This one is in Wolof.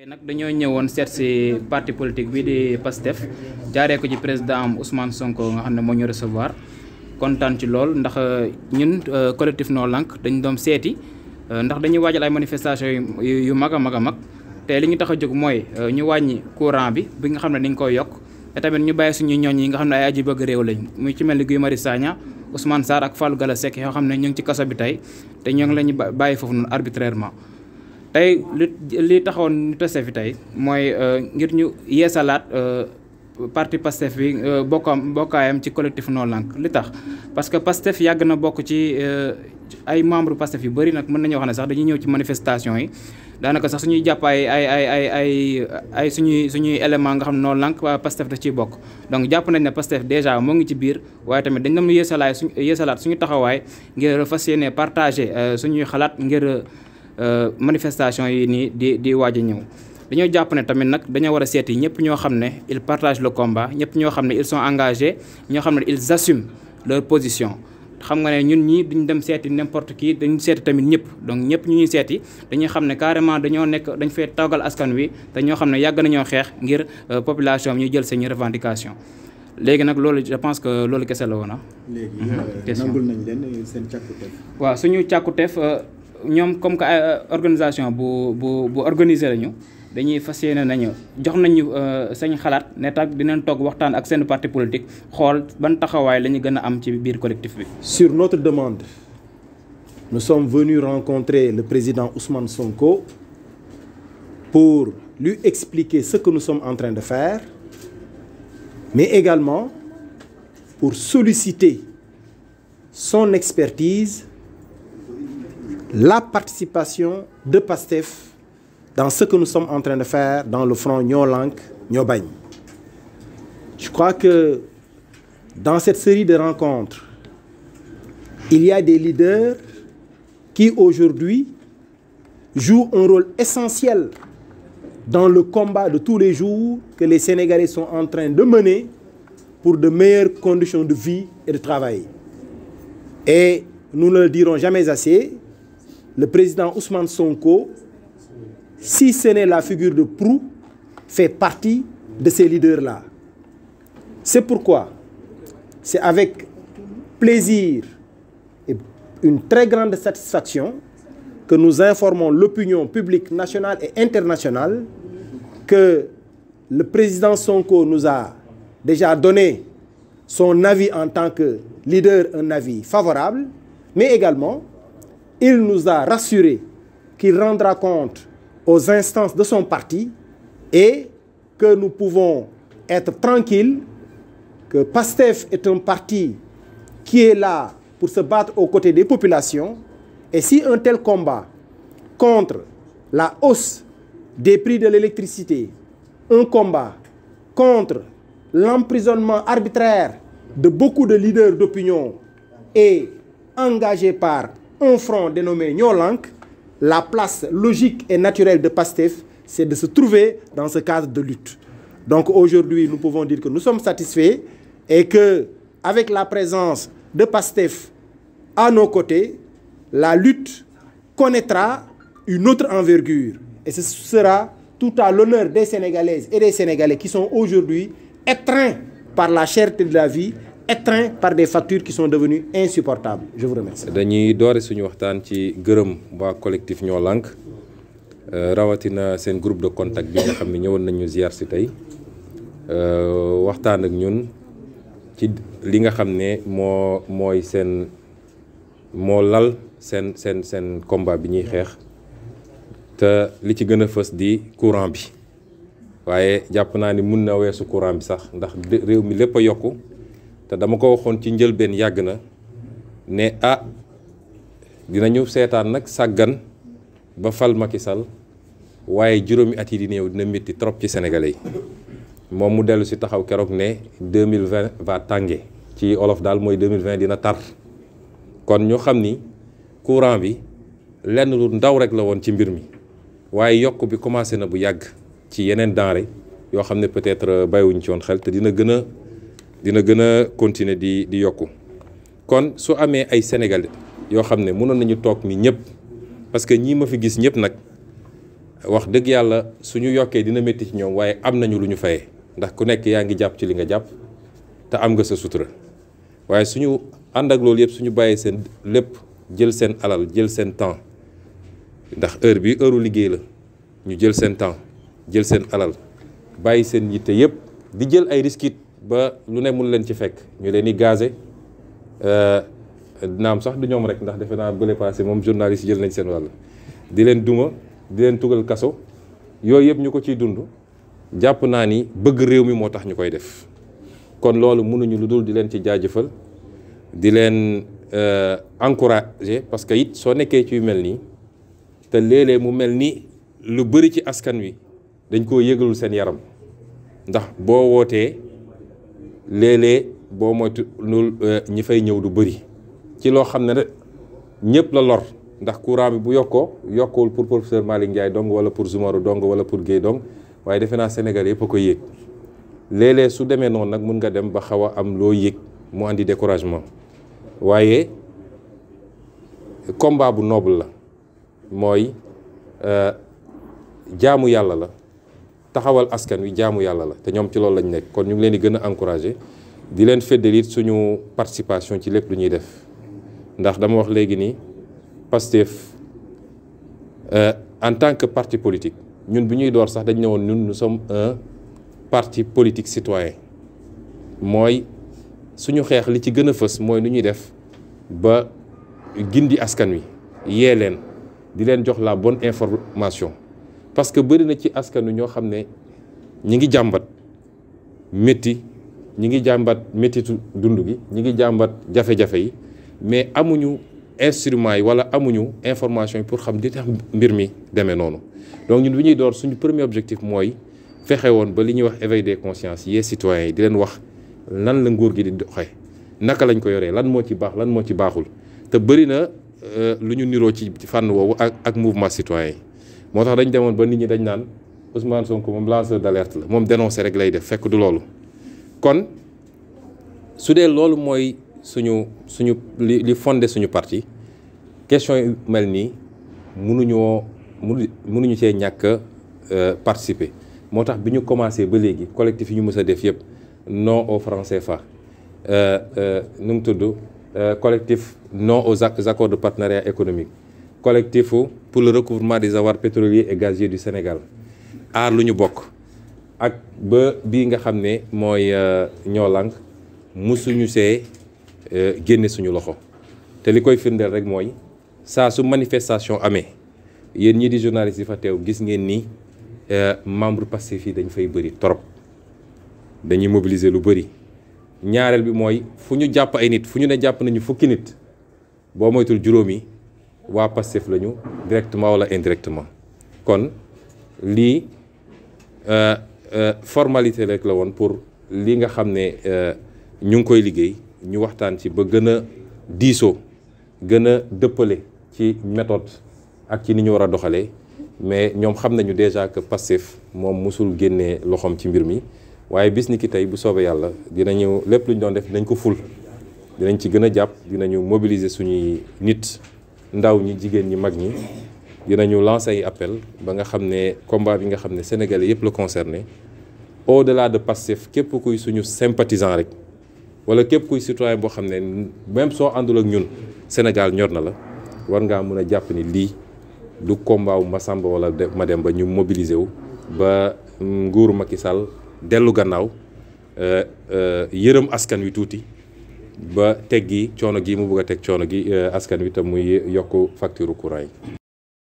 tey nag dañoo ñëwoon seet si parti politique bi di PASTEF jaaree ko ci président am Ousmane Sonko nga xam ne moo ñu recevoir kontaan ci lool ndax euh, ñun euh, collectif noonu Lank dañu doon seeti euh, ndax dañuy waajal ay manifestation yu mag a mag a mag te li ñu tax a jóg mooy ñu wàññi courant bi bi nga xam ne dañ koy yokk te tamit ñu bàyyi suñu ñooñ yi nga xam ne ay aji bëgg réew lañ muy ci mel ni Guy Marius Sagna Ousmane Sarr ak Fallou Galass Seck yoo xam ne ñu ngi ci kaso bi tey te ñoo ngi ñu bàyyi foofu noonu arbitrairement tey li li taxoon ñu tase tey mooy euh, ngir ñu yeesalaat euh, parti Pastef bi euh, bokkam bokkaayam ci collectif non lank li tax parce que Pastef yàgg na bokk ci ay membre Pastef yu bëri nag mën nañu wax ne sax dañuy ñëw ci manifestation yi daanaka sax suñuy jàpp ay ay ay ay ay ay suñuy suñuy élément nga xam ne non lank waa Pastef da ciy bokk donc jàpp nañ ne Pastef déjà moo ngi ci biir waaye tamit dañ doon yeesalaay suñu yeesalaat suñu taxawaay ngir fas yéene partager suñuy xalaat ngir Euh, manifestation yi nii di di waaj a ñëw dañoo jàpp ne tamit nag dañoo war a seeti ñëpp ñoo xam ne ils partagent le combat ñëpp ñoo xam ne ils sont engagés ñoo xam ne ils assument position xam nga ne ñun ñii duñ dem seeti n'importe qui dañu seeti tamit ñëpp donc ñëpp ñu ñuy seeti dañuy xam ne carrément dañoo nekk dañ fee toggal askan wi te ñoo xam ne yàgg nañoo xeex ngir euh, population bi ñu jël seeni revendication léegi nag loolu je que loolu kese la woon ah. léegi mhm. euh, nangul nañ seen càkkuteef. càkkuteef. ñoom comme que euh, organisation bu bu bu organiser la dañuy fas yéene nañu jox nañu euh, sañ xalaat ne tak dinañ toog waxtaan ak seen parti politique xool ban taxawaay la ñu gën a am ci biir collectif bi. sur notre demande nous sommes venus rencontrer le président Ousmane Sonko pour lui expliquer ce que nous sommes en train de faire mais également pour solliciter son expertise. la participation de PASTEF dans ce que nous sommes en train de faire dans le front Noo Lank Noo Bañ. Je crois que dans cette série de rencontres, il y a des leaders qui aujourd'hui jouent un rôle essentiel dans le combat de tous les jours que les Sénégalais sont en train de mener pour de meilleures conditions de vie et de travail. Et nous ne le dirons jamais assez, le président Ousmane Sonko, si ce n'est la figure de proue, fait partie de ces leaders-là. C'est pourquoi c'est avec plaisir et une très grande satisfaction que nous informons l'opinion publique nationale et internationale que le président Sonko nous a déjà donné son avis en tant que leader, un avis favorable, mais également il nous a rassuré qu'il rendra compte aux instances de son parti et que nous pouvons être tranquilles que PASTEF est un parti qui est là pour se battre aux côtés des populations. Et si un tel combat contre la hausse des prix de l'électricité, un combat contre l'emprisonnement arbitraire de beaucoup de leaders d'opinion est engagé par un front dénommé Ñoo Lank la place logique et naturelle de PASTEF c'est de se trouver dans ce cadre de lutte donc aujourd'hui nous pouvons dire que nous sommes satisfaits et que avec la présence de PASTEF à nos côtés la lutte connaîtra une autre envergure et ce sera tout à l'honneur des Sénégalaises et des Sénégalais qui sont aujourd'hui étreints par la cherté de la vie étreint par des factures qui sont devenues insupportables je vous remercie. dañuy doore suñu waxtaan ci gërëm waa collectif ñoo lànk euh, rawatina seen groupe de contact bi nga xam ne ñëwoon nañu ziar si tey euh, waxtaan ak ñun ci li nga xam ne moo mooy seen moo lal seen seen seen combat bi ñuy xeex te li ci gën a fës di courant bi waaye jàpp naa ni mun na weesu courant bi sax ndax réew mi lépp a yokk te dama ko waxoon ci njëlbeen yàgg na ne dina ah, dinañu seetaan nag sàggan ba fal Macky Sall waaye juróomi at yi di néew dina métti trop ci sénégalais yi moom mu dellu si taxaw keroog ne 2020 va tànge ci olof daal mooy 2020 dina tar kon ñu xam ni courant bi lenn lu ndaw rek la woon ci mbir mi waaye yokk bi commencé na bu yàgg ci yeneen denrée yoo xam ne peut-être euh, bàyyiwuñ ci woon xel te dina gën a dina gën a continuer di di yokku kon su amee ay sénégalais yoo xam ne mënoon nañu toog ni ñëpp parce que ñii ma fi gis ñëpp nag wax dëgg yàlla suñu yokkee dina métti ci ñoom waaye am nañu lu ñu fayee ndax ku nekk yaa ngi jàpp ci li nga jàpp te am nga sa sutura waaye suñu ànd ak loolu yëpp suñu bàyyi seen lépp jël seen alal jël seen temps ndax heure bi heure liggéey la ñu jël seen temps jël seen alal bàyyi seen yitte yëpp di jël ay risques ba lu ne mun leen ci fekk ñu leen di gazé euh, naam sax du ñoom rek ndax defe naa bële passé moom journaliste jël nañ seen wàll di leen duma di leen tugal kaso yooyu yëpp ñu ko ciy dund jàpp naa ni bëgg réew mi moo tax ñu koy def kon loolu mënuñu lu dul di leen ci jaajëfal di leen euh, encourager parce que soo nekkee ci yu mel nii te léeg-léeg mu mel ni lu bëri ci askan wi dañ koo yëgalul seen yaram ndax boo wootee léeg-léeg boo moytu nul euh, ñi fay ñëw du bëri ci loo xam ne rek ñëpp la lor ndax courant bi bu yokkoo yokkuwul pour professeur Malick Ndiaye dong wala pour Zoumarou dong wala pour Guèye dong waaye defe naa Sénégal yëpp a ko yéeg léeg-léeg su demee noonu nag mun nga dem ba xaw a am loo yëg mu andi découragement waaye combat bu noble la mooy euh, jaamu yàlla la taxawal askan wi jaamu yàlla la te ñoom ci loolu lañu nekk kon ñu ngi leen di gën a di leen feddali suñu participation ci lépp lu ñuy def ndax dama wax léegi ni Pastef euh, en tant que parti politique ñun bu ñuy door sax dañ ne woon ñun nous sommes un parti politique citoyen mooy suñu xeex li ci gën a fës mooy nu ñuy def ba gindi askan wi yee leen di leen jox la bonne information parce que bëri na ci askanu ñoo xam ne ñi ngi jàmbat métti ñi ngi jàmbat méttitu dund gi ñi ngi jàmbat jafe-jafe yi mais amuñu instruments yi wala amuñu information yi pour xam di tax mbir mi demee noonu donc ñun bi ñuy door suñu premier objectif mooy fexe woon ba li ñuy wax éveil des consciences yee citoyens yi di leen wax lan la nguur gi di doxee naka lañ ko yoree lan moo ci baax lan moo ci baaxul te bëri na euh, lu ñu niroo ci fànn woowu ak ak mouvement citoyen yi moo tax dañu demoon ba nit ñi dañ naan Ousmane Sonko moom lanceur d'alerte la moom dénoncé rek lay def fekk du loolu kon su dee loolu mooy suñu suñu li li fondé suñu parti question yu mel nii mënuñoo mënuñu see ñàkk a euh, participer moo tax bi ñu commencé ba léegi collectif yi ñu mës a def yëpp non au franc CFA euh, euh, nu mu tudd collectif non aux accords de partenariat économique collectif pour le recouvrement des avoirs pétroliers et gaziers du Sénégal aar lu ñu bokk ak ba bii nga xam ne mooy ñoo euh, mu suñu see euh, génne suñu loxo te li koy firndeel rek mooy saa su manifestation amee yéen ñi di journaliste yi fa teew gis ngeen ni euh, membre Pastef yi dañ fay bëri trop dañuy mobiliser lu bëri ñaareel bi mooy fu ñu jàpp ay nit fu ñu ne jàpp nañu fukki nit boo moytul juróomi waa Pastef lañu directement wala indirectement kon lii euh, euh, formalité rek la woon pour lii nga xam ne euh, ñu ngi koy liggéey ñu waxtaan ci ba gën a diisoo gën a dëppale ci méthode ak ci ni ñu war a doxalee mais ñoom xam nañu déjà que Pastef moom mosul génnee loxoom ci mbir mi waaye bis ni ki tey bu soobee yàlla dinañu lépp lu ñu doon def dinañ ko ful dinañ ci gën a jàpp dinañu mobiliser suñuy nit ndaw ñu jigéen ñi mag ñi dina dinañu lancer ay appel ba nga xam ne combat bi nga xam ne sénégalais yëpp la concerné au-delà de Pastef képp kuy suñu sympathisant rek wala képp kuy citoyen boo xam ne même soo àndul ak ñun Sénégal ñor na la war ngaa mën a jàpp ni lii du combat wu Massamba wala ma dem ba ñu mobiliser wu ba mm, nguuru Macky Sall dellu gannaaw euh, euh, yërëm askan wi tuuti ba teg gi coono gi mu bëgg teg coono gi eh, askan wi te muy yokk facture courant yi